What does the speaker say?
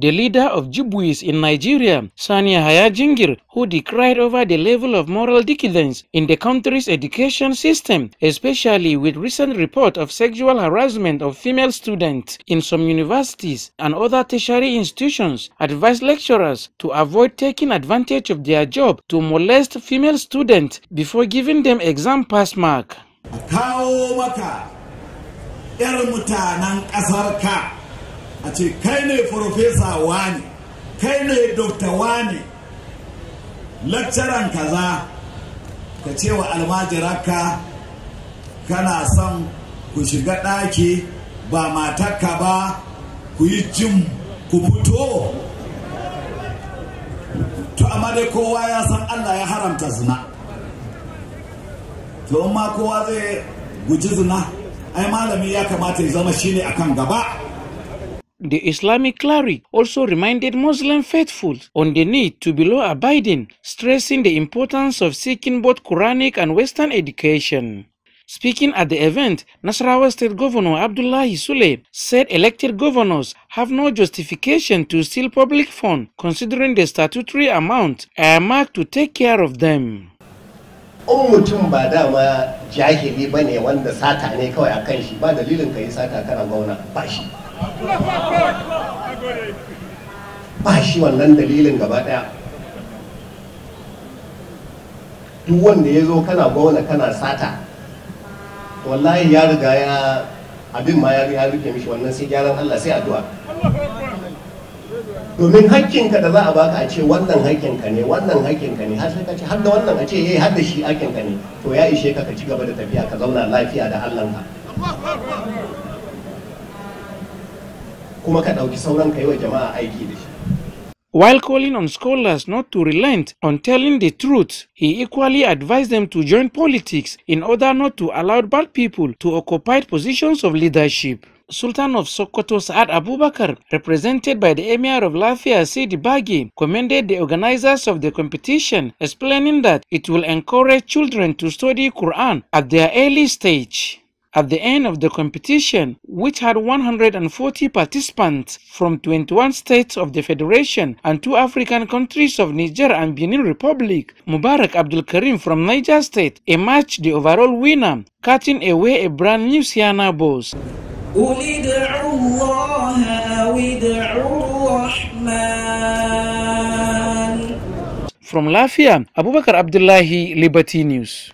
The leader of Jibwis in Nigeria, Sania Hayajingir, who decried over the level of moral decadence in the country's education system, especially with recent report of sexual harassment of female students in some universities and other tertiary institutions, advised lecturers to avoid taking advantage of their job to molest female students before giving them exam pass mark. a ce kai ne farfesa wani kai ne dokta wani lakcaran kaza ka ce wa almajirarka kana son ku shiga ɗaki ba matakka ba ku yi jin ku fito to amma dai kowa ya san allah ya haramta zina to ma kowa zai guji zina ai malami ya kamata ya zama shine akan gaba The Islamic cleric also reminded Muslim faithful on the need to be law abiding, stressing the importance of seeking both Quranic and Western education. Speaking at the event, Nasarawa State Governor Abdullahi Sule said elected governors have no justification to steal public funds considering the statutory amount earmarked to take care of them. ba shi wannan dalilin gaba daya duk wanda ya zo kana gona kana sata wallahi ya riga ya abin ma ya rike mishi wannan sai gyaran Allah sai addu'a domin hakkinka da za a baka a ce wannan hakkinka ne wannan hakkinka ne har ka ce har da wannan a ce eh har da shi hakkinka ne to ya ishe ka ka ci gaba da tafiya ka zauna lafiya da ka. kuma ka sauran ka jama'a aiki da shi. While calling on scholars not to relent on telling the truth, he equally advised them to join politics in order not to allow bad people to occupy positions of leadership. Sultan of Sokoto Saad Abubakar, represented by the Emir of Lafia Sidi Bagi, commended the organizers of the competition, explaining that it will encourage children to study Quran at their early stage. At the end of the competition, which had 140 participants from 21 states of the Federation and two African countries of Niger and Benin Republic, Mubarak Abdul Karim from Niger State emerged the overall winner, cutting away a brand new Sienna bow. From Lafia, Abubakar Abdullahi, Liberty News.